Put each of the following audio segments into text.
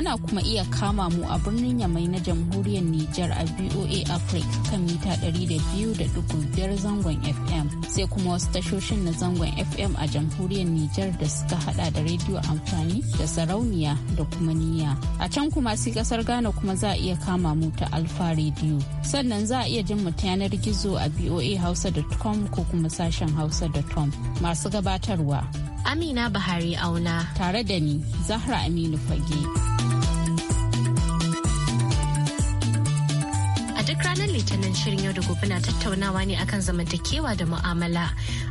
ana kuma iya kama mu a birnin yamai na jamhuriyar Nijar a VOA Africa kan mita 200.5 zangon FM sai kuma wasu tashoshin na zangon FM a jamhuriyar Nijar da suka hada da rediyo amfani da sarauniya da kuma niya. A can kuma sai kasar Ghana kuma za a iya kama mu ta Alfa rediyo Sannan za a iya jin mu ta yanar gizo a Hausa da Tom ko kuma sashen Hausa da Tom masu gabatarwa. Amina Bahari Auna. Tare da ni, Zahra Aminu Fage. tanan shirin yau da gobe na tattaunawa ne akan zamantakewa da mu'amala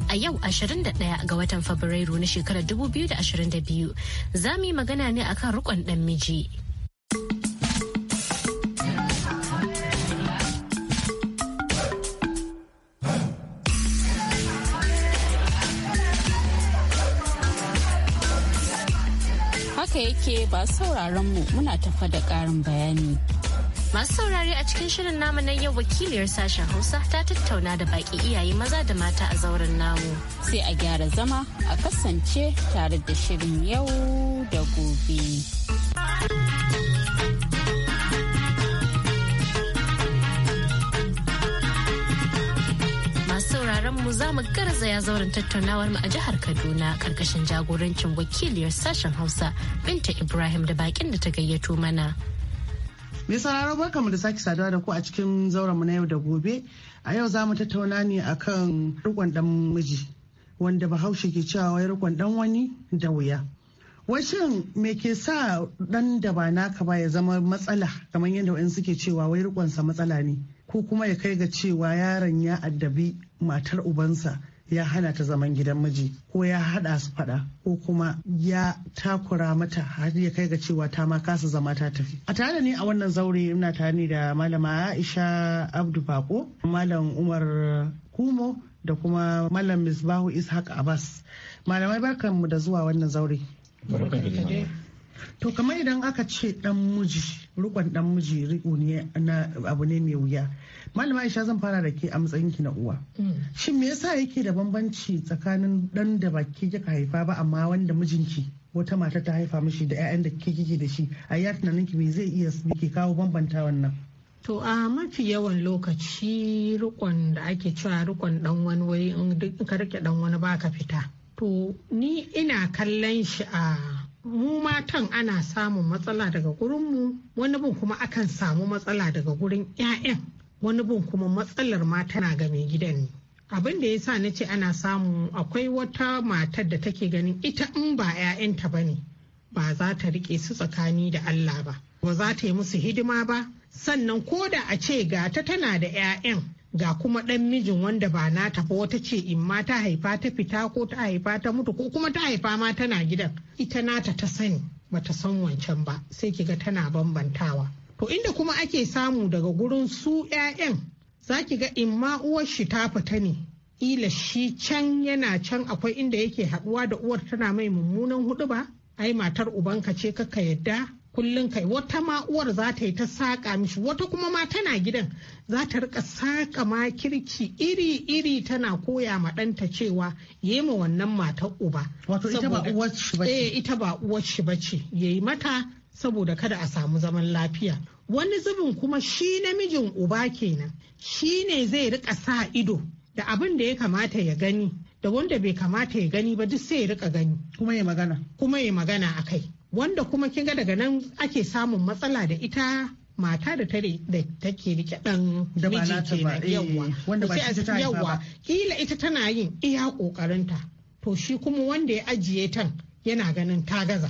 a yau 21 ga watan fabrairu na shekarar 2022 za mu yi magana ne akan rukon dan miji. haka yake ba sauraron mu muna tafa da ƙarin bayani. Masu saurare a cikin shirin namu na yau wakiliyar sashen Hausa ta tattauna da baki iyaye maza da mata a zauren namu. Sai a gyara zama a kasance tare da shirin yau da gobe. mu za mu garzaya zauren tattaunawar mu a jihar Kaduna karkashin jagorancin wakiliyar sashen Hausa Binta Ibrahim da bakin da ta gayyato mana. Mai sauraro barka mu da sake saduwa da ku a cikin zauren na yau da gobe. A yau za mu tattauna ne a kan rikon dan miji wanda Bahaushe ke cewa wai rikon dan wani da wuya. Washin me ke sa dan da ba naka ba ya zama matsala kamar yadda wa'in suke cewa wai rikonsa matsala ne ko kuma ya kai ga cewa yaron ya addabi matar ubansa ya hana ta zaman gidan miji ko ya hada su fada ko kuma ya takura mata har ya kai ga cewa ta ma kasa zama ta tafi a tare ne a wannan zaure ina tare da malama Aisha Abdu Bako malam Umar Kumo da kuma malam Misbahu Ishaq Abbas malamai barkanmu da zuwa wannan zaure to kamar idan aka ce dan miji rukon dan miji riko ne na abu ne mai wuya malama aisha zan fara da ke a matsayin ki na uwa mm. shin me yasa yake da bambanci tsakanin dan da ba ke kika haifa ba amma wanda mijinki wata mata ta haifa mishi da 'ya'yan da ke kike da shi a ya tunanin ki me zai iya ke kawo bambanta wannan To a mafi yawan lokaci rikon da ake cewa rikon dan wani wai in ka rike dan wani baka fita. To ni ina kallon shi a mu matan ana samun matsala daga mu wani bin kuma akan samu matsala daga gurin 'ya'yan wani bin kuma matsalar ma tana ga mai gidan ne abin da ya sa na ce ana samu akwai wata matar da take ganin ita in ba 'ya'yanta ba ne ba za ta rike su tsakani da Allah ba ba za ta yi musu hidima ba sannan ko da a ce ga ta tana da 'ya'yan ga kuma ɗan mijin wanda ba na tafi wata ce in ma ta haifa ta fita ko ta haifa ta mutu ko kuma ta haifa ma tana gidan ita nata ta sani bata san wancan ba sai kiga tana bambantawa to inda kuma ake samu daga gurin su 'ya'yan za ki ga in ma uwar shi ta fita ne ila shi can yana can akwai inda yake haɗuwa da uwar tana mai mummunan hudu ba ai matar ubanka ce kaka yadda kullum kai wata ma uwar za ta yi ta saƙa mishi wata kuma ma tana gidan za ta rika saƙa ma kirki iri-iri tana koya ma ɗanta cewa yi ma wannan matar uba. Wato ita ba uwar shi ba ce. Eh, ita ba uwar shi ba ce ya yi mata saboda kada a samu zaman lafiya. Wani zubin kuma shi namijin uba kenan shi ne zai rika sa ido da abin da ya kamata ya gani da wanda bai kamata ya gani ba duk sai ya rika gani. Kuma ya magana. Kuma ya magana a kai. wanda kuma kin ga daga nan ake samun matsala da ita mata da tare da take rike dan miji kenan eh, yawa wanda ba ta yawa kila ita tana yin iya kokarinta to shi kuma wanda ya ajiye tan yana ganin ta gaza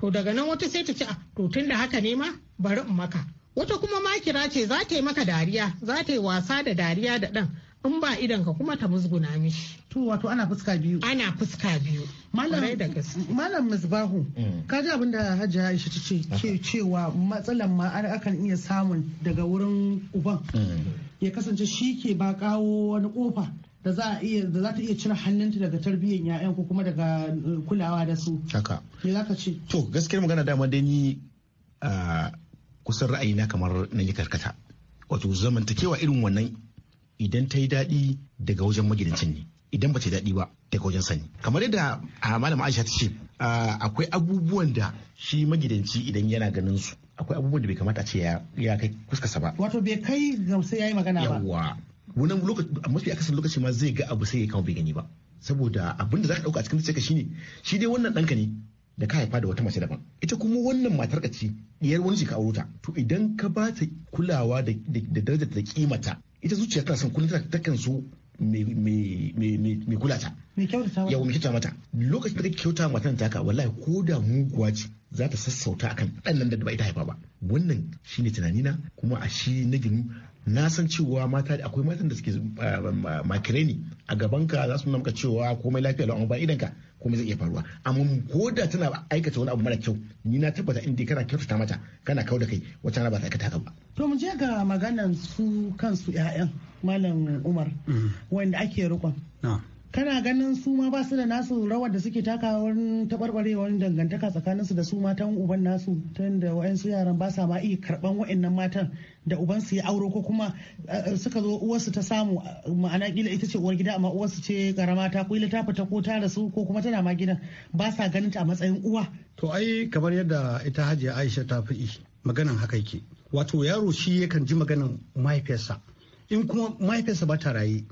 to daga nan wata sai ta ce ah, to tunda haka ne ma bari in maka wata kuma makira ce za ta yi maka dariya za ta yi wasa da dariya da dan in ba idan ka kuma ta musguna mishi to wato ana fuska biyu ana fuska biyu malam misbahu mm. ka ji abin da hajiya aisha ta ce ke cewa matsalan ma akan iya samun daga wurin uban mm. ya kasance shi ke ba kawo wani kofa da za iya da za ta iya cire hannunta daga tarbiyyar ya'yan ko kuma daga eh, kulawa da su haka me ka ce to gaskiyar magana dama dai ni ah, kusan ra'ayina kamar na yi karkata wato zamantakewa irin wannan idan ta yi daɗi daga wajen magidancin ne idan ba ta daɗi ba daga wajen sani kamar yadda a malama aisha ta ce akwai abubuwan da shi magidanci idan yana ganin su akwai abubuwan da bai kamata a ce ya kai kuskarsa ba wato bai kai ga sai yayi magana ba yawa wannan lokaci mafi akasarin lokaci ma zai ga abu sai ya kama bai gani ba saboda abin da za ka dauka a cikin zuciyarka shine shi dai wannan ɗanka ne da ka haifa da wata mace daban ita kuma wannan matar ce diyar wani ka auro ta to idan ka ba ta kulawa da darajar da kimata ita zuciya tana son kullum takan so mai kula ta. Mai kyauta mata. mai mata. Lokacin da kyauta matan taka wallahi ko da muguwa ce za ta sassauta akan ɗan nan da ba ita haifa ba. Wannan shine tunanina kuma a shi na ginu na san cewa mata akwai matan da suke ah, makirani ne a gabanka za su nuna maka cewa komai lafiya lau ba idanka. kuma zai iya faruwa amma ko da tana aikata wani abu mara kyau ni na tabbata inda kana kyautata mata kana kawo da kai wata rana ba ta aikata haka ba to mu je ga maganan su kansu 'ya'yan malam Umar mm. wanda ake rukon. kana ganin su ma ba su da nasu rawar da suke takawa wurin taɓarɓarewar dangantaka tsakanin su da su matan uban nasu tun da wa'ansu yaran ba sa ma iya karɓan wa'annan matan da uban su ya auro ko kuma eh, suka zo uwarsu ta samu eh, ma'ana kila ita ce uwar gida amma uwarsu ce karama ta kila ta fita ko ta rasu ko kuma tana ma gidan ba sa ganin ta a matsayin uwa. to ai kamar yadda ita hajiya aisha ta fi maganan haka yake wato yaro shi yakan ji maganan mahaifiyarsa in kuma mahaifiyarsa ba ta raye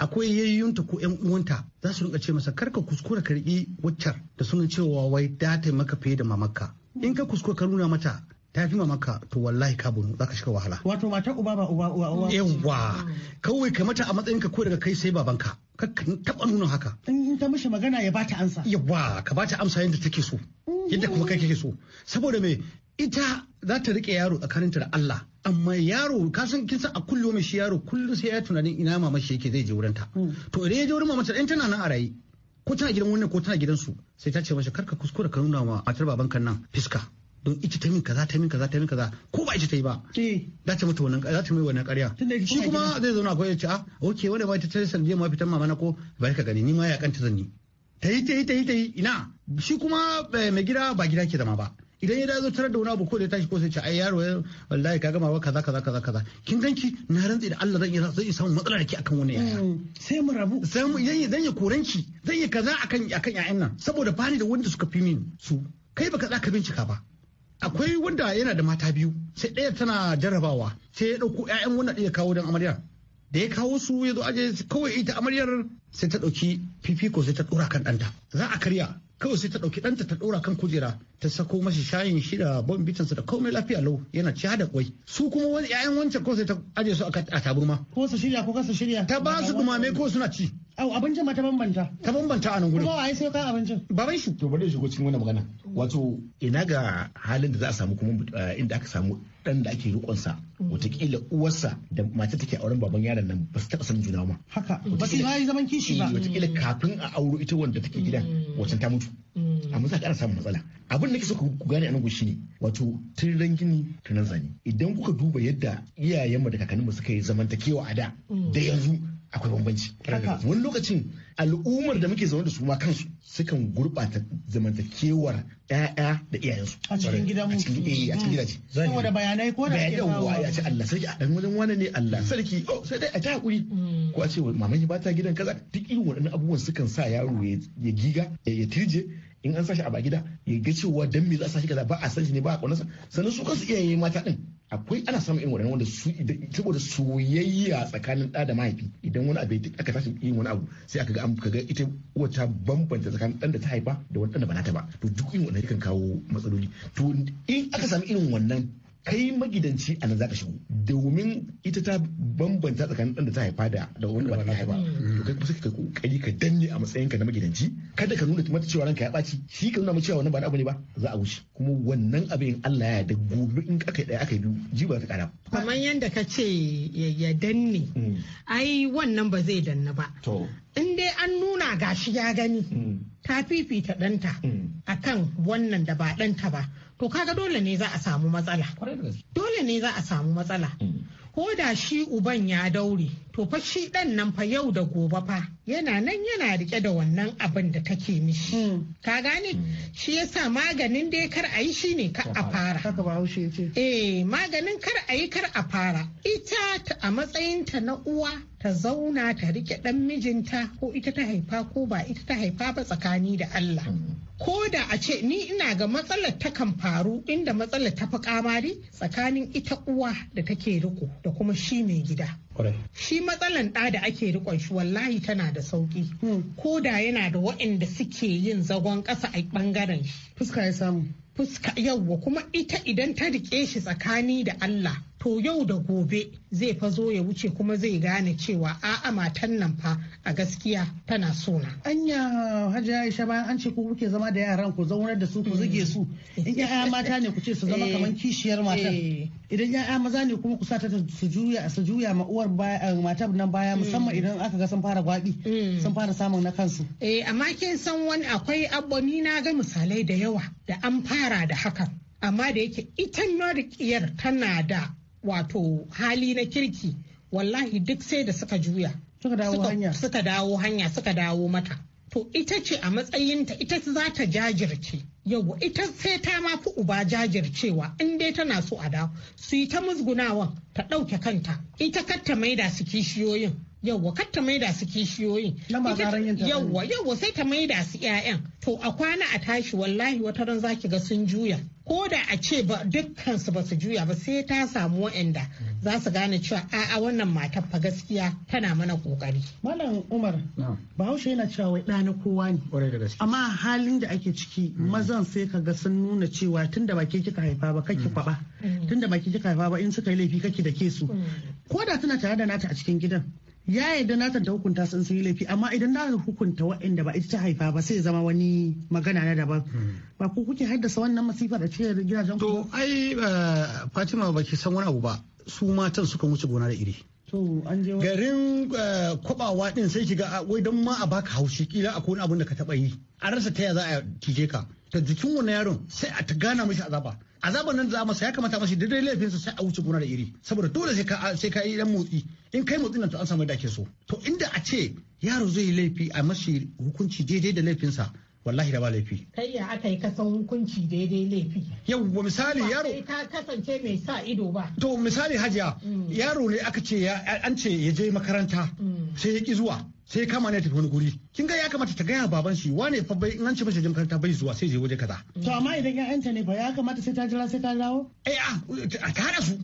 akwai yayyunta ko yan uwanta za su rinka ce masa karka kuskura ka riƙi waccar da sunan cewa wai da ta maka fiye da mamaka in ka kuskura ka nuna mata ta fi mamaka to wallahi ka bunu za ka shiga wahala wato mata uba ba uba uba uba yawa kawai ka mata a matsayinka ko daga kai sai babanka ka taba nuna haka in ta mishi magana ya bata amsa yawa ka bata amsa yadda take so yadda kuma kai kake so saboda me ita za ta rike yaro tsakaninta da Allah amma yaro ka san kin a kullum shi yaro kullum sai ya tunanin ina mama shi yake zai je wurin ta hmm. to idan ya je wurin mama ta tana nan a raye ko tana gidan wannan ko tana gidan su sai ta ce masa karka kuskura ka nuna ma matar baban kan nan fiska don ita ta min kaza ta min kaza ta min kaza ko ba ita ta yi ba eh. za ta mata wannan za ta mai wannan ƙarya shi kuma zai zauna ko ya ce ah okay wanda ba ita ta je ma fitan mama na ko ba ka gani ni ma ya kanta zan ni ta yi ta yi ta yi ta yi ina shi kuma eh, mai gida ba gida ke zama ba idan ya dazo tarar da wani abu ko da ya tashi ko sai ce ai yaro eh, wallahi ka gama kaza kaza kaza kaza kin ganki na rantsi da Allah zan yi zan yi samu matsala da ki akan wani yaya mm, sai mu rabu sai mu zan yi koranki zan yi kaza akan akan yayan nan saboda bani da wanda suka fi min su kai baka za ka bincika ba akwai wanda yana da mata biyu sai ɗaya tana jarrabawa sai ya ɗauko 'ya'yan wannan ɗaya kawo don amarya da ya kawo su ya zo aje kawai ita amaryar sai ta ɗauki fifiko sai ta ɗora kan ɗanta za a karya kawai sai ta ɗauki ɗanta ta ɗora kan kujera ta sako masa shayin shi da bitansa da komai lafiya lau yana ci da kwai su kuma wani ƴaƴan wancan kawai sai ta aje su a taburma ko su shirya ko kasa shirya ta ba su dumame ko suna ci au abincin ma ta bambanta ta bambanta a nan gudu kuma ai sai ka abincin baban shi to bari ko cikin wannan magana wato ina ga halin da za a samu kuma eh, inda aka samu dan da ake rikon sa Mm. wataƙila uwarsa da mata take auren baban yaron nan ba su taɓa san juna ba haka mm. ba su yi zaman kishi ba eh, wataƙila mm. kafin a auro ita wanda take gidan wacan ta mutu amma za ka ƙara samun matsala abin da kisa ku gane a nan ne wato tun rangini gini tun zane idan kuka duba yadda iyayenmu da kakanninmu suka yi zamantakewa a da da yanzu akwai bambanci wani lokacin al'ummar da muke zaune da su ma kansu sukan gurɓata zamantakewar ƴaƴa da iyayensu a cikin gida mu eh, a cikin gidaje hmm. saboda bayanai ko da ake kawo ya ce Allah sarki a dan wajen wani ne Allah sarki oh sai dai a ta haƙuri. Hmm. ko a ce mamaki ba ta gidan kaza duk irin waɗannan abubuwan sukan sa yaro ya giga ya tirje in an sashi a ba gida ya ga cewa dan me za a sashi kaza ba a san shi ne ba a kaunarsa sannan su kansu iyaye mata din akwai ana samun irin wannan wanda su saboda soyayya tsakanin da da mahaifi idan wani abu aka tashi irin wani abu sai aka ga kaga ita wata ta bambanta tsakanin dan da ta haifa da wani dan da ba ta ba to duk irin wannan kan kawo matsaloli to in aka samu irin wannan kai magidanci a nan za ka shigo domin ita ta bambanta tsakanin ɗan da ta haifa da da wanda ba ta haifa mm. to kai kuma sai ka kokari ka danne a matsayinka na magidanci kada ka nuna mata cewa ranka ya ɓaci shi ka nuna mata cewa wannan ba na abu ne ba za a wuce kuma wannan abin Allah ya yarda gobe in aka yi ɗaya aka yi biyu ji ba ta ƙara kamar yadda ka ce ya danne mm. ai wannan ba zai danna ba to in dai an nuna gashi ya gani mm. ta fifita ɗanta akan wannan da ba ɗanta ba to kaga dole ne za a samu matsala dole ne za a samu matsala mm. ko da shi uban ya daure to fa shi dan nan fa yau da gobe fa yana nan yana rike da wannan abin da take mishi mm. ka gane mm. shi yasa maganin dai kar a yi shine kar a fara haka ba haushe ce eh maganin kar a yi kar a fara ita a matsayinta na uwa ta zauna ta rike dan mijinta ko ita ta haifa ko ba ita ta haifa ba tsakani da Allah ko da a ce ni ina ga matsalar takan faru inda matsalar ta fi kamari tsakanin ita uwa da take riko da kuma shi mai gida. Shi matsalar ɗa da ake rikon shi wallahi tana da sauƙi. Hmm. Ko da yana da waɗanda suke yin zagon ƙasa a ɓangaren shi. Fuska ya samu. Fuska yawwa kuma ita idan ta rike shi tsakani da Allah to yau da gobe zai fa zo ya wuce kuma zai gane cewa a'a matan nan fa a gaskiya tana sona. Anya Hajji Aisha bayan an ce ku kuke zama da yaran ku zaunar da su ku mm. zige su in ya'ya mata ne ku ce su zama eh. kamar kishiyar matan eh. idan ya'ya maza ne kuma ku sa ta su juya su juya ma uwar eh, matar nan baya mm. musamman idan aka ga sun fara gwaɓi mm. sun fara samun na kansu. Eh amma kin san wani akwai abboni na ga misalai da yawa da an fara da hakan amma da yake ita marikiyar tana da wato hali na kirki wallahi duk sai da suka juya suka dawo hanya suka dawo mata to ita ce a matsayinta ita za ta jajirce yau ita sai ta ma fi uba jajircewa in dai tana so a dawo su yi ta musgunawan ta ɗauke kanta ita kar ta maida su kishiyoyin yawwa kar ta maida su kishiyoyin yawwa yawwa sai ta maida su 'ya'yan to a kwana a tashi wallahi wata ran zaki ga sun juya ko da a ce ba dukkan su ba su juya ba sai ta samu wa'anda za su gane cewa a'a wannan matar fa gaskiya tana mana kokari malam umar bahaushe yana cewa wai ɗa na kowa ne amma halin da ake ciki mm. mazan sai ka ga sun nuna cewa tunda ba ke kika haifa ba kake kwaba mm. mm. tunda ba ke kika haifa ba in suka yi laifi kake da ke su ko da tana tare da nata a cikin gidan ya yarda nata ta hukunta sun sun yi laifi amma idan na hukunta waɗanda ba ita ta haifa ba sai zama wani magana na daban hmm. ba ku kuke haddasa wannan masifa da ce gidajen ku to ai eh, fatima ba ki san wani abu ba su matan suka wuce gona da iri garin eh, kwabawa din sai shiga wai don ma a baka haushi kila a kone abin da ka taba yi a rasa ta ya za a cije ka ta jikin wani yaron sai a ta gana mashi azaba azaban nan za masa ya kamata mashi daidai laifinsa sai a wuce gona da iri saboda dole sai ka sai ka yi dan motsi in kai motsi nan to an samu da ake so to inda a ce yaro zai yi laifi a mashi hukunci daidai da laifinsa wallahi da ba laifi kai ya aka yi kasan hukunci daidai laifi yawwa misali yaro ta kasance mai sa ido ba to misali hajiya mm. yaro ne aka ce an ce ya je makaranta mm. sai ya ki zuwa sai kama ne tafi wani guri kin ga ya kamata ta gaya baban shi wane fa bai in an ce mace jin bai zuwa sai je waje kaza mm. to amma idan ƴaƴanta ne fa ya kamata sai ta jira sai ta dawo eh a ah, ta hada su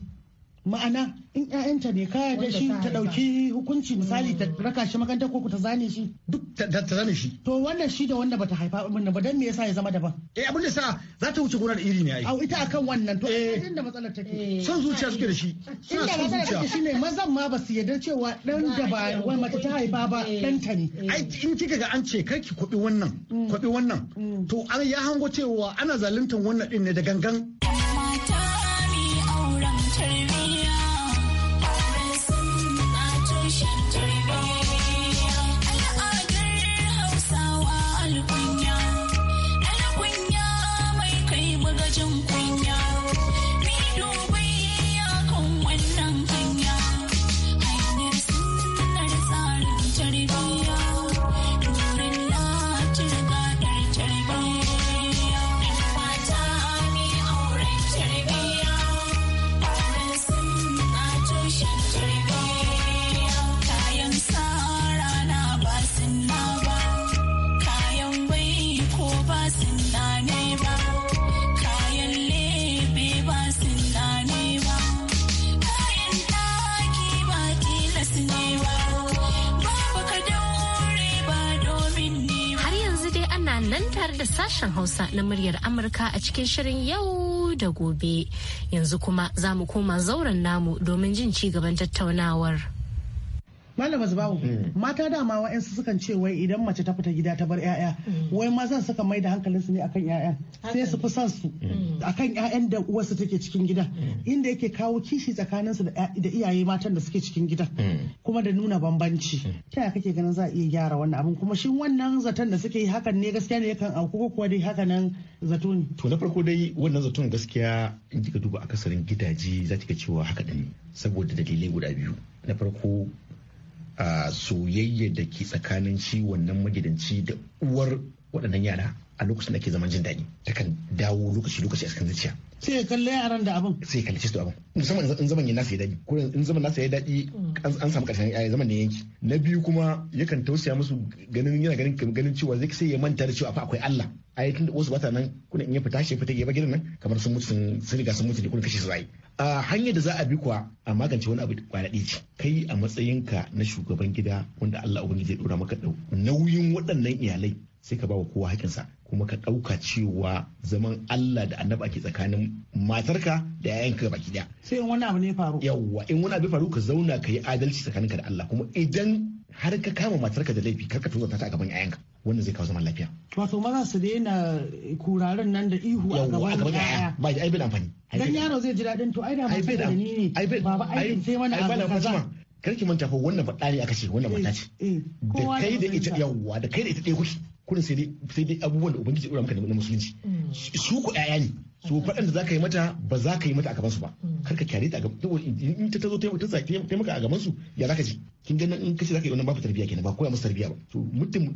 ma'ana in ƴaƴanta ne kaya da shi ta ɗauki hukunci misali ta mm. raka shi makanta ko ta zane shi duk ta zane shi to wannan shi da wanda bata haifa mun ba dan me yasa ya zama daban eh abin da sa za ta wuce da iri ne ai au ita akan wannan to eh. idan da matsalar take eh. son zuciya suke da shi suna son zuciya shi ne mazan ma ba su yarda cewa dan da ba wai mace ta haifa ba dan eh. ta ne ai in kika ga an ce kar ki kwabi wannan mm. kwabi wannan mm. to an ya hango cewa ana zaluntar wannan din ne da gangan Faransa na muryar Amurka a cikin shirin yau da gobe. Yanzu kuma za mu koma zauren namu domin jin ci gaban tattaunawar. malama zubawu mm. mata dama wa'yansu sukan ce wai idan mace ta fita gida ta bar 'ya'ya mm. wai zan saka mai da hankalinsu ne akan 'ya'ya sai su fi son su mm. akan 'ya'yan da uwarsu take cikin gida inda yake kawo kishi tsakanin tsakaninsu da iyaye matan da suke cikin gida kuma da nuna bambanci ta yaya kake ganin za a iya gyara wannan abin kuma shin wannan zaton da suke yi hakan ne gaskiya ne yakan auku ko kuwa dai haka nan zato ne to na farko dai wannan zaton gaskiya in kika duba akasarin gidaje za ki ga cewa haka ne saboda dalilai guda biyu na farko A soyayya da ke tsakanin shi wannan magidanci da uwar waɗannan yara a lokacin da ke zaman jin daɗi takan dawo lokaci lokaci a cikin zuciya sai ya kalle yaran da abin sai ya kalle su abin musamman in zaman ya nasa ya daɗi ko in zaman nasa ya daɗi an samu ƙarshen ya eh, zaman ne yanki na biyu kuma yakan tausaya musu ganin yana ganin ganin cewa zai sai ya manta da cewa fa akwai Allah ai tunda wasu bata nan kuna in ya fita shi fita ya gidan nan kamar sun mutu sun riga sun mutu ne kuna kashe su ai a hanyar da za a bi kuwa a magance wani abu kwana ɗaya ce kai a matsayinka na shugaban gida wanda Allah ubangiji ya dora maka nauyin waɗannan iyalai sai ka ba wa kowa haƙinsa kuma ka ɗauka cewa zaman Allah da annabi ake tsakanin matarka da yayanka baki daya sai wani abu ne faru yawwa in wani abu faru ka zauna ka yi adalci tsakaninka da Allah kuma idan har ka kama matarka da laifi kar ka tuzata ta a gaban yayanka wannan zai kawo zaman lafiya wato maza su daina kuraren nan da ihu a gaban yaya ba ai bai amfani dan yaro zai ji dadin to ai da mutum da ni ne baba ai sai mana abu kaza kar ki manta fa wannan faɗa ne aka ce wannan mata ce eh, eh, eh. da kai da ita yawwa da kai da ita ɗaya kuke kuna sai dai abubuwan da ubangiji ya dora maka na musulunci mm. su ku 'ya'ya ne su faɗin da za ka yi mata ba za ka yi mata a gabansu ba mm. kar ka kyare ta a gabansu in ta zo taimaka a gabansu ya za ka ji kin ganin in kace za ka yi wannan babu tarbiyya kenan ba koya musu tarbiyya ba to muddin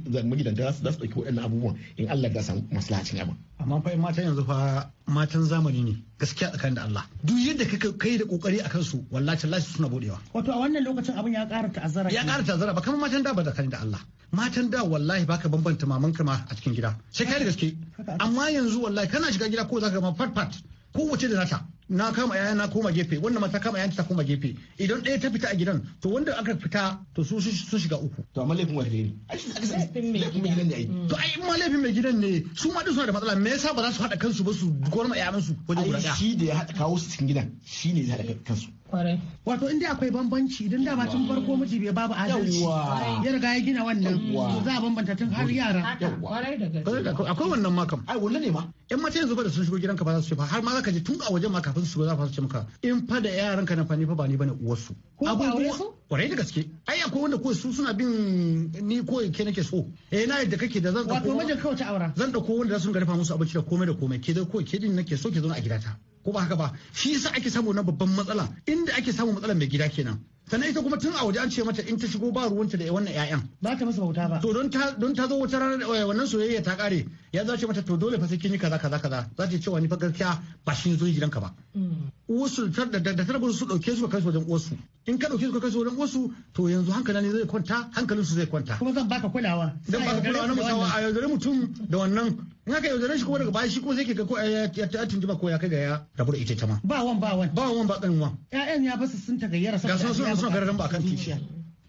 da za su ɗauki waɗannan abubuwan in Allah ya samu maslaha cin yamma amma fa matan yanzu fa matan zamani ne gaskiya tsakanin da Allah duk yadda ka kai da kokari a kansu wallahi lashi suna bodewa wato a wannan lokacin abin ya ƙara ta'azzara ya ƙara ta'azzara ba kamar matan da ba tsakanin da Allah matan da wallahi baka bambanta maman ma a cikin gida sai kai da gaske amma yanzu wallahi kana shiga gida ko zaka ma fat kowace da nata na kama yaya na koma gefe wannan mata kama yayanta ta koma gefe idan ɗaya ta fita a gidan to wanda aka fita to su sun shiga uku to amma laifin wa ne laifin mai gidan ne ai to ai ma laifin mai gidan ne su ma duk suna da matsala me yasa ba za su haɗa kansu ba su gwarma yayan su wajen guda ɗaya shi da ya haɗa kawo su cikin gidan shi ne zai haɗa kansu Wato inda akwai bambanci idan da tun farko miji bai babu adalci ya riga ya gina wannan to za a bambanta tun har yara. Akwai wannan makam. Ai wannan ne ma. Yan mace yanzu ba da sun shigo gidan ka ba za su ce ba har ma za ka je tun a wajen ma kafin su shigo za su ce maka in fa da yaran ka na fani fa ba ni bane uwarsu. Abubuwa kwarai da gaske ai akwai wanda ko su suna bin ni ko ke nake so eh na yadda kake da zan dauko wato mijin kawai ta aura zan dauko wanda za su rufa musu abinci da komai da komai ke da ko ke din nake so ke zo a gidata ko ba haka ba shi yasa ake samu na babban matsala inda ake samu matsalar mai gida kenan sannan ita kuma tun a waje an ce mata in ta shigo ba ruwanta da wannan ƴaƴan ba ta masa bauta ba to don ta don ta zo wata rana eh, wannan soyayya ta kare ya zace mata to dole fa sai kin yi kaza kaza kaza za ta ce fa gaskiya ba shi zo gidanka ba mm. uwarsu da tarbar su dauke su kai su wajen uwarsu in ka dauke su kai su wajen uwarsu to yanzu hankali ne zai kwanta hankalin su zai kwanta kuma zan baka kulawa zan baka kulawa na musamman a yaudare mutum da wannan in haka yaudare shi kuma daga bayan shi kuma zai ke ga ko eh, ya ta tunji ba ko ya kai ga ya rabu da ita ta ma ba wan ba wan ba wan ba kan wan ƴaƴan ya basu sun tagayyara saboda ga sun sun gararan ba kan titi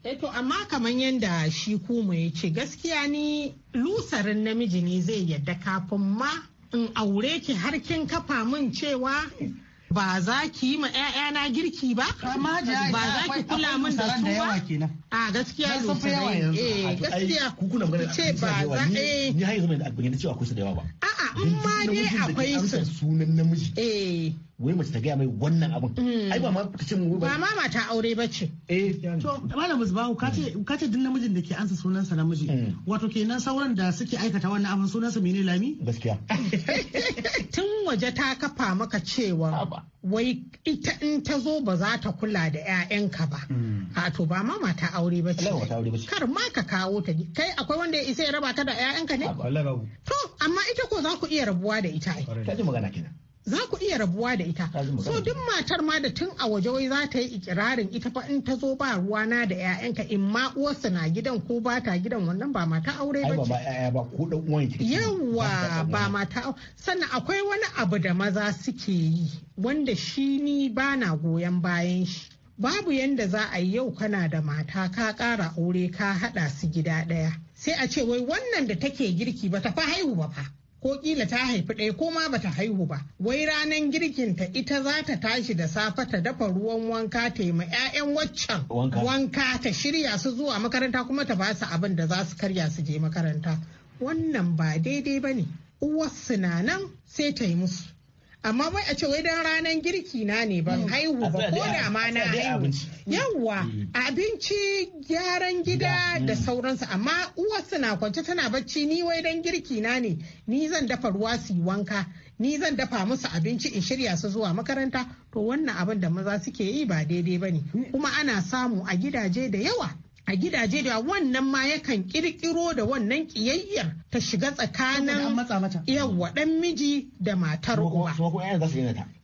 Eh to amma kamar yadda shi kuma ya ce gaskiya ni lusarin namiji ne zai yadda kafin ma in aure ki har kin kafa min cewa ba za ki yi ma 'ya'yana girki ba ba za ki kula min da su ba a gaskiya lusarai eh gaskiya ku ce ba za eh da yawa ba a'a in ma dai akwai su sunan namiji eh wai mace ta gaya mai wannan abin hmm. ai ba ma ta ce mu ba ma ta aure ba ce eh to malam musbahu kace kace din namijin da ke ansa sunan sa namiji hmm. wato kenan sauran da suke aikata wannan abin sunan sa mene lami gaskiya tun waje ta kafa maka cewa wai ita in ta zo ba za ta kula da 'ya'yanka ba hmm. a to ba ma mata aure ba ce kar ma ka kawo ta kai akwai wanda ya isa ya raba ta da 'ya'yanka ne to amma ita ko za ku iya rabuwa da ita ai ta ji magana kenan za ku iya rabuwa da ita so duk matar ma da tun a waje wai za ta yi ikirarin ita fa in ta zo ba ruwa na da 'ya'yanka in ma uwarsa na gidan ko ba ta gidan wannan ba mata aure ba ce yawa ba mata sannan akwai wani abu da maza suke yi wanda shi ni ba na goyon bayan shi babu yanda za a yi yau kana da mata ka kara aure ka hada su gida ɗaya sai a ce wai wannan da take girki ba ta fa haihu ba fa ko kila ta haifi ɗaya ko ma bata haihu ba wai ranan ta ita za ta tashi da safe ta dafa ruwan wanka ta yi ma 'ya'yan waccan wanka ta shirya su zuwa makaranta kuma ta ba su abin da za su karya su je makaranta wannan ba daidai ba ne uwarsu na sai ta yi musu amma bai a ce wai dan ranar girki na ne ban hmm. haihu ba ko da ma na haihu yawwa hmm. abinci gyaran gida da hmm. sauransu amma uwar suna kwance tana bacci ni wai dan girki na ne ni zan dafa ruwa su wanka ni zan dafa musu abinci in shirya su zuwa makaranta to wannan abin da maza suke yi ba daidai ba ne kuma ana samu a gidaje da yawa a gidaje da wannan ma yakan kirkiro da wannan kiyayyar ta shiga tsakanin yawwa dan miji da matar uwa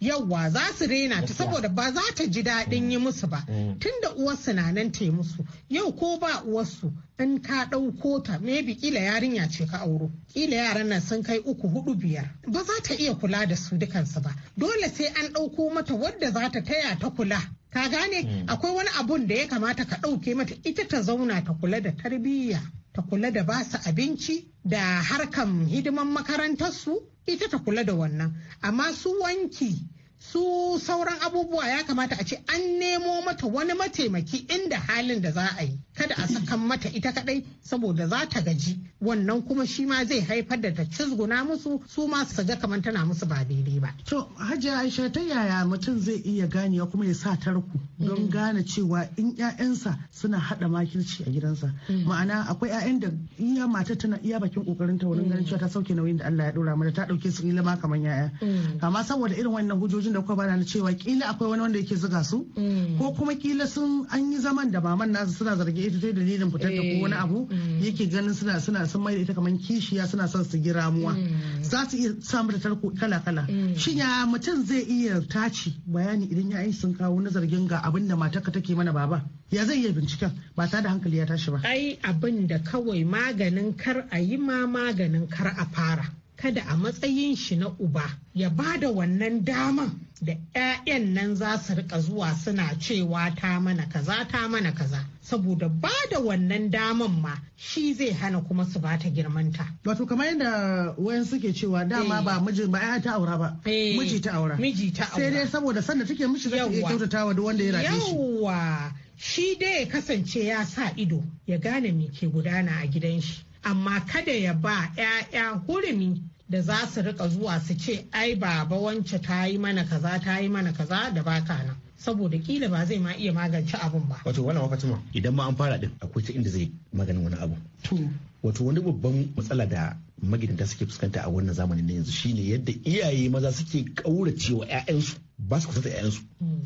yawwa za su rena ta saboda ba za ta ji daɗin yi musu ba mm. tunda uwarsu na nan ta musu yau ko ba uwarsu in ka ɗauko ta maybe kila yarinya ce ka auro kila yaran nan sun kai uku hudu biyar ba za ta iya kula da su dukansu ba dole sai an ɗauko mata wadda za ta taya ta kula ka gane hmm. akwai wani abun da ya kamata ka ɗauke mata ita ta zauna ta kula da tarbiyya ta kula da basu abinci da harkan hidiman makarantarsu ita ta kula da wannan amma su wanki su sauran abubuwa ya kamata a ce an nemo mata wani mataimaki inda halin da za a yi kada a sakan mata ita kadai saboda za ta gaji wannan kuma shi ma zai haifar da ta cizguna musu su ma su ga kamar tana musu ba daidai ba to Hajji aisha ta yaya mutum zai iya ganewa kuma ya sa tarku don gane cewa in ƴaƴansa suna haɗa makirci a gidansa mm. ma'ana akwai ƴaƴan da iya mata tana iya bakin kokarin ta wurin ganin mm. cewa ta sauke nauyin da Allah ya dora mata ta dauke su ilima kamar yaya mm. amma saboda irin wannan hujjoji lokacin da kuka bada na cewa kila akwai wani wanda yake zuga su mm. ko kuma kila sun an yi zaman da maman nasu suna zarge ita ta dalilin fitar da ko eh. wani abu mm. yake ganin suna suna sun mai da ita kamar kishiya suna son su gira ramuwa mm. za su iya samun da tarko kala kala shin ya mutum zai iya taci bayani idan ya yi sun kawo na zargin ga abin da matarka take mana baba ya zai iya binciken ba ta da hankali ya tashi ba ai abin da kawai maganin kar a yi ma maganin kar a fara kada a matsayin shi na uba ya ba da wannan daman da 'ya'yan nan za su rika zuwa suna cewa ta mana kaza ta mana kaza saboda ba da wannan daman ma shi zai hana kuma su ba ta girmanta. Wato kamar yadda wayan suke cewa dama ba eh. miji ba ya ta aura ba. Eh, miji ta aura. Miji ta aura. Sai dai saboda sanda take mishi zai iya kyautata wa wanda ya rabe shi. Yawwa. Shi dai ya kasance ya sa ido ya gane me ke gudana a gidan shi. amma kada ya ba 'ya'ya hurumi da za su rika zuwa su ce ai baba wance ta yi mana kaza ta yi mana kaza da baka nan saboda kila ba zai ma iya magance abun ba wato wannan fatima idan ma an fara din akwai ta inda zai maganin wani abu to wato wani babban matsala da magidanta suke fuskanta a wannan zamanin na yanzu shine yadda iyaye maza suke kaurace cewa ƴaƴansu ba su kusa da ƴaƴansu.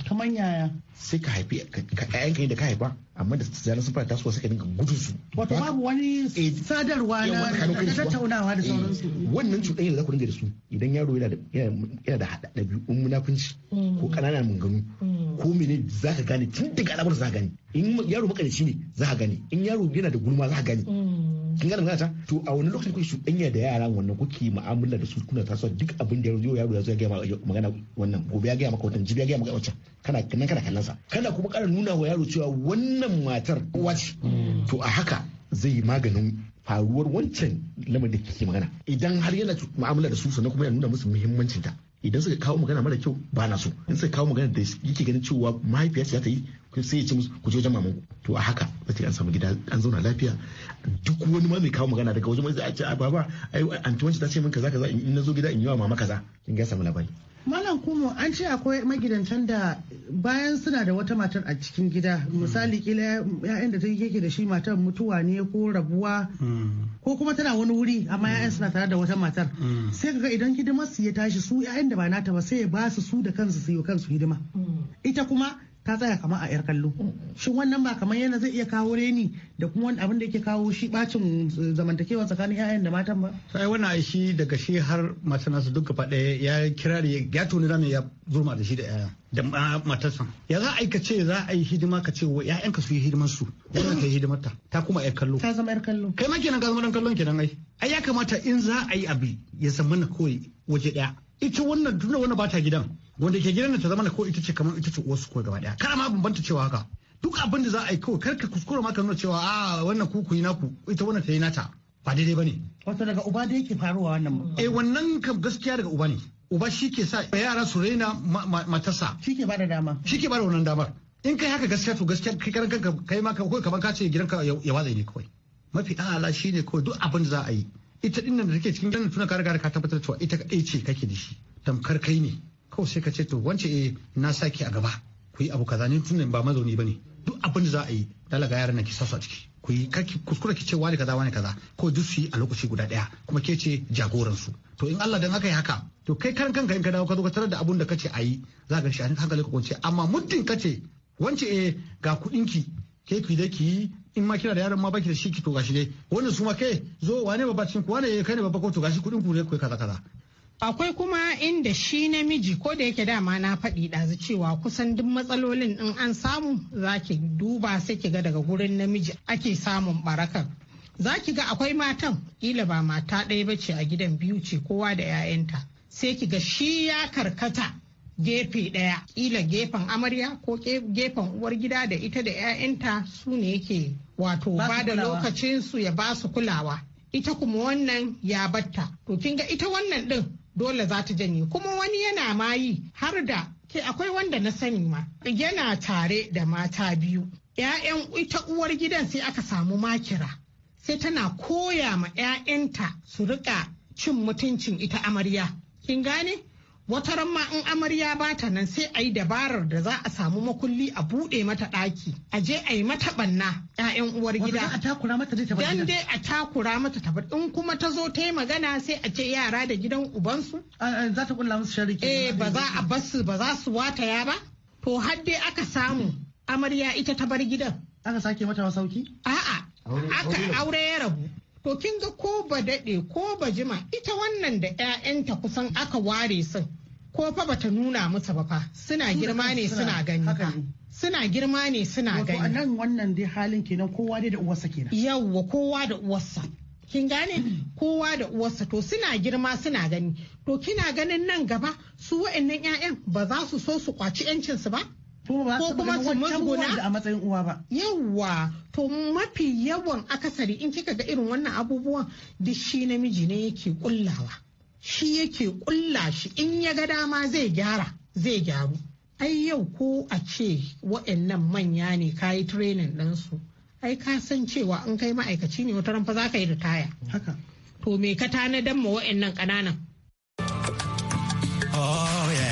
kamar yaya sai ka haifi ƴaƴanka ne da ka haifa amma da zanen sun fara tasowa suka dinga gudun su wato babu wani eh, sadarwa na tattaunawa da eh, sauransu wannan cuɗanyar da za ku dinga da su idan yaro yana da ɗabi'un munafunci mm. ko ƙananan munganu mm. ko mene za ka gane tun daga alamar za ka gane in yaro makarici ne za ka gane in yaro yana da gulma za ka gane mm. kin gane magana ta to a wani lokacin kuke shuɗanya da yara wannan kuke mu'amala da su kuna tasowa duk abin da yaro yaro ya zo ya gaya magana wannan gobe ya gaya maka wannan jibi ya gaya maka wannan kana kana kana kallon sa kana kuma ƙara nuna wa yaro cewa wannan matar wace. Mm. to a haka zai maganin faruwar wancan lamar da kike magana idan har yana mu'amala da su sannan kuma ya nuna musu muhimmancin ta idan suka kawo magana mara kyau ba na so in suka kawo magana da yake ganin cewa mahaifiyarsa ta yi sai ce musu ku je wajen mamanku to a haka ce an samu gida an zauna lafiya duk wani ma mai kawo magana daga wajen zai ce a baba ai anti wancan ta ce min kaza kaza in na zo gida in yi wa mama kaza in ga samu labari Malam kuma an ce akwai magidantan da bayan suna da wata matar a cikin gida hmm. misali kila ya'yan da ta yake da shi matar mutuwa ne ko rabuwa hmm. ko kuma tana wani wuri amma ya'yan hmm. suna tare da wata matar sai kaga idan hidimar su ya tashi su ya'yan da ba nata ba sai ya ba su su da kansu su yi kansu hidima ita kuma ka tsaya kamar a yar kallo mm. shin wannan ba kamar yana zai iya kawo reni da kuma wani abin da yake kawo shi bacin zamantakewa tsakanin 'ya'yan da matan ba sai wannan shi daga shi har mata nasu duka faɗa ya da ya tuni zamu ya zurma da shi da 'ya'yan da matarsa ya za a ce za a yi hidima ka ce wa ƴaƴanka su yi hidimar su wannan ta yi hidimar ta ta kuma yar kallo ta zama yar kallo kai ma kenan ka zama dan kallon kenan ai ai ya kamata in za a yi abi ya zama na kawai waje ɗaya ita wannan duna wannan ba ta gidan wanda ke gidan ta zama ko ita ce kamar ita ce wasu ko gaba daya Kada ma bambanta cewa haka duk abin da za a yi kawai kar ka ma ka nuna cewa a ah, wannan ku ku yi naku ita wannan ta yi nata ba daidai bane wato daga uba da yake faruwa wannan eh wannan kam gaskiya daga uba ne uba shi ke sa yara su raina matasa. shi ke bada dama shi ke bada wannan damar in kai haka gaskiya to gaskiya kai karan kanka kai ma kawai kamar ka ce ka ya watsa ne kawai mafi ala ne kawai duk abin da za a yi ita din nan da take cikin gidan tuna ka riga ka tabbatar cewa ita kadai ce kake da shi tamkar kai ne kawai sai ka ce to wance eh na saki a gaba ku yi abu kaza ni tun ba mazauni bane duk abin da za a yi dalaga yaran nan ki sasu a ciki ku yi kuskure ki ce wani kaza wani kaza ko duk su yi a lokaci guda daya kuma ke ce jagoran su to in Allah dan aka yi haka to kai karan kanka in ka dawo ka zo ka tarar da abun da kace a yi za ka shi hankali ka kwance amma muddin kace wance eh ga kudin ki ke ki da ki in ma kina da yaran ma baki da shi ki to gashi dai wannan su ma kai zo wane babacin ku wane eh, kai ne babba ko to gashi kudin ku ne ku kaza kaza akwai kuma inda shi namiji ko da yake dama na faɗi ɗazu cewa kusan duk matsalolin in an samu za ki duba sai ki ga daga gurin namiji ake samun barakar. za ki ga akwai matan Ƙila ba mata ɗaya ba ce a gidan biyu ce kowa da 'ya'yanta sai ki ga shi ya karkata gefe ɗaya kila gefen amarya ko gefen uwar gida da ita da 'ya'yanta su ne yake wato ba da lokacinsu ya ba su kulawa ita kuma wannan ya batta to kin ga ita wannan ɗin dole za ta janye kuma wani yana mayi har da ke akwai wanda na sani ma yana tare da mata biyu 'ya'yan ita uwar gidan sai aka samu makira sai tana koya ma 'ya'yanta su riƙa cin mutuncin ita amarya kin gane wata ran ma in amarya ba ta nan sai a yi dabarar da za a samu makulli a buɗe mata ɗaki a je a yi mata ɓanna ƴaƴan uwar gida a mata dai dan dai a takura mata ta in kuma ta zo ta yi magana sai a ce yara da gidan ubansu za ta kulla musu eh ba za a basu ba za su ya ba to har dai aka samu amarya ita ta bar gidan aka sake mata masauki a'a aka aure ya rabu to kin ga ko ba daɗe ko ba jima ita wannan da 'ya'yanta kusan aka ware sun ko fa bata nuna musu ba fa suna girma ne suna gani suna girma ne suna gani wato nan wannan dai halin kenan kowa dai da uwarsa kenan yawwa kowa da uwarsa kin gane kowa da uwarsa to suna girma suna gani to kina ganin nan gaba su wa'annan 'ya'yan ba za su so su kwaci 'yancin su ba ko kuma su musguna a matsayin uwa ba yawa to mafi yawan akasari in kika ga irin wannan abubuwan duk shi namiji ne yake kullawa shi yake kulla shi in ya ga dama zai gyara zai gyaru ai yau ko a ce wa'annan manya ne kayi training ɗinsu ai ka san cewa in kai ma'aikaci ne wata ranfa za ka yi ritaya haka to me ka tanadan ma wa'annan ƙananan oh yeah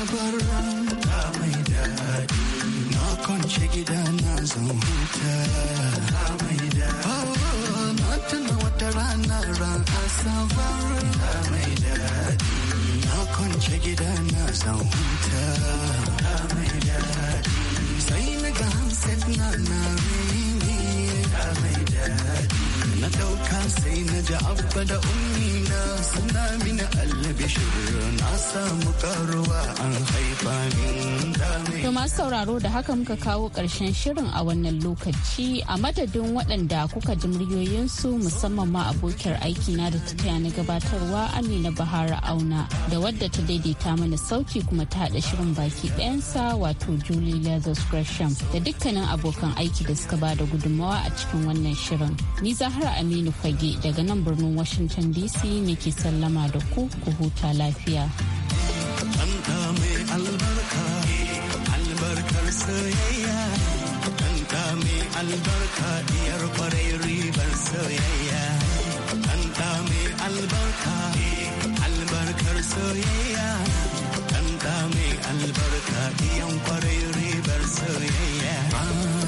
asabar rana mai daɗi na kwance gida na zan huta mai daɗi na tuna wata rana ran asabar mai daɗi na kwance gida na zan huta mai daɗi sai na ga hanset na na rini mai daɗi na ɗauka sai na ji abba da ummi na suna mini na samu karuwa an haifa min sauraro da haka muka kawo ƙarshen shirin a wannan lokaci a madadin waɗanda kuka ji muryoyinsu musamman ma abokiyar aiki na da ta na gabatarwa Amina Bahara Auna da wadda ta daidaita mana sauki kuma ta haɗa shirin baki ɗayansa wato Julie Lazarus Gresham da dukkanin abokan aiki da suka ba da gudunmawa a cikin wannan shirin. Ni Zahra Aminu Fage daga nan birnin Washington DC amin yake sallama da ku ku huta lafiya. albarka, albarkar soyayya, mai albarka ɗiyar kwarai ribar soyayya. Kanta mai albarka, albarkar soyayya, kanta mai albarka diyan kwarai ribar soyayya.